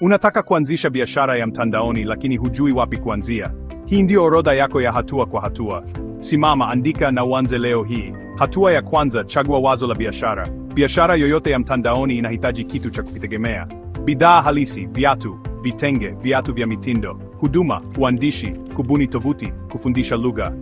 Unataka kuanzisha biashara ya mtandaoni lakini hujui wapi kuanzia? Hii ndio orodha yako ya hatua kwa hatua. Simama, andika na uanze leo hii. Hatua ya kwanza, chagua wazo la biashara. Biashara yoyote ya mtandaoni inahitaji kitu cha kukitegemea. Bidhaa halisi: viatu, vitenge, viatu vya mitindo, huduma, uandishi, kubuni tovuti, kufundisha lugha,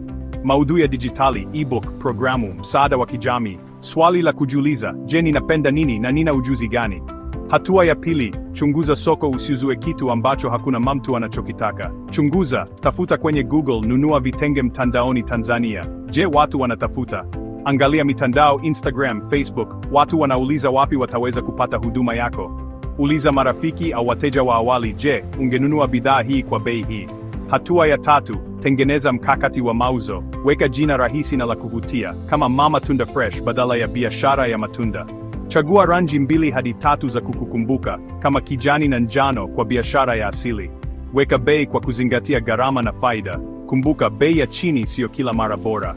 maudhui ya dijitali, ebook, programu, msaada wa kijamii. Swali la kujiuliza: je, ninapenda nini na nina ujuzi gani? Hatua ya pili, Chunguza soko, usiuzue kitu ambacho hakuna mamtu anachokitaka. Chunguza, tafuta kwenye Google, nunua vitenge mtandaoni Tanzania. Je, watu wanatafuta? Angalia mitandao Instagram, Facebook, watu wanauliza wapi wataweza kupata huduma yako. Uliza marafiki au wateja wa awali, je, ungenunua bidhaa hii kwa bei hii? Hatua ya tatu, tengeneza mkakati wa mauzo. Weka jina rahisi na la kuvutia kama Mama Tunda Fresh badala ya biashara ya matunda. Chagua rangi mbili hadi tatu za kukukumbuka kama kijani na njano kwa biashara ya asili. Weka bei kwa kuzingatia gharama na faida. Kumbuka, bei ya chini siyo kila mara bora.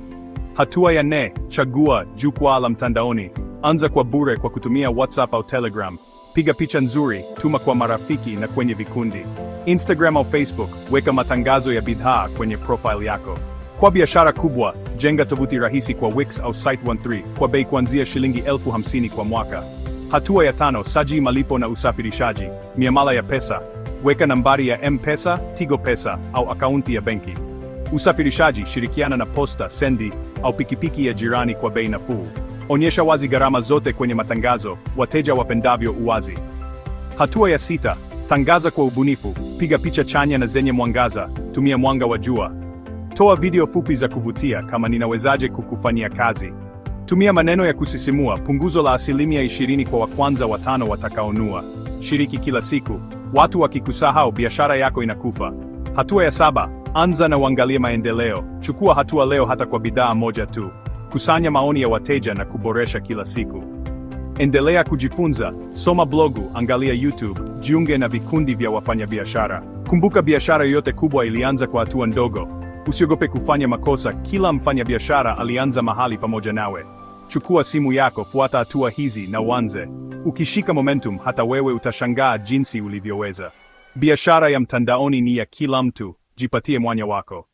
Hatua ya nne: chagua jukwaa la mtandaoni. Anza kwa bure kwa kutumia WhatsApp au Telegram. Piga picha nzuri, tuma kwa marafiki na kwenye vikundi. Instagram au Facebook, weka matangazo ya bidhaa kwenye profile yako. Kwa biashara kubwa, jenga tovuti rahisi kwa Wix au Site13 kwa bei kuanzia shilingi elfu hamsini kwa mwaka. Hatua ya tano: saji malipo na usafirishaji, miamala ya pesa. Weka nambari ya M-Pesa, Tigo Pesa au akaunti ya benki. Usafirishaji: shirikiana na posta, sendi au pikipiki ya jirani kwa bei nafuu. Onyesha wazi gharama zote kwenye matangazo, wateja wapendavyo uwazi. Hatua ya sita: tangaza kwa ubunifu. Piga picha chanya na zenye mwangaza, tumia mwanga wa jua Toa video fupi za kuvutia kama ninawezaje kukufanyia kazi. Tumia maneno ya kusisimua, punguzo la asilimia 20 kwa wakwanza watano watakaonua. Shiriki kila siku, watu wakikusahau biashara yako inakufa. Hatua ya saba, anza na uangalie maendeleo. Chukua hatua leo, hata kwa bidhaa moja tu. Kusanya maoni ya wateja na kuboresha kila siku. Endelea kujifunza, soma blogu, angalia YouTube, jiunge na vikundi vya wafanyabiashara. Kumbuka, biashara yoyote kubwa ilianza kwa hatua ndogo. Usiogope kufanya makosa, kila mfanya biashara alianza mahali pamoja nawe. Chukua simu yako, fuata hatua hizi na uanze. Ukishika momentum, hata wewe utashangaa jinsi ulivyoweza. Biashara ya mtandaoni ni ya kila mtu, jipatie mwanya wako.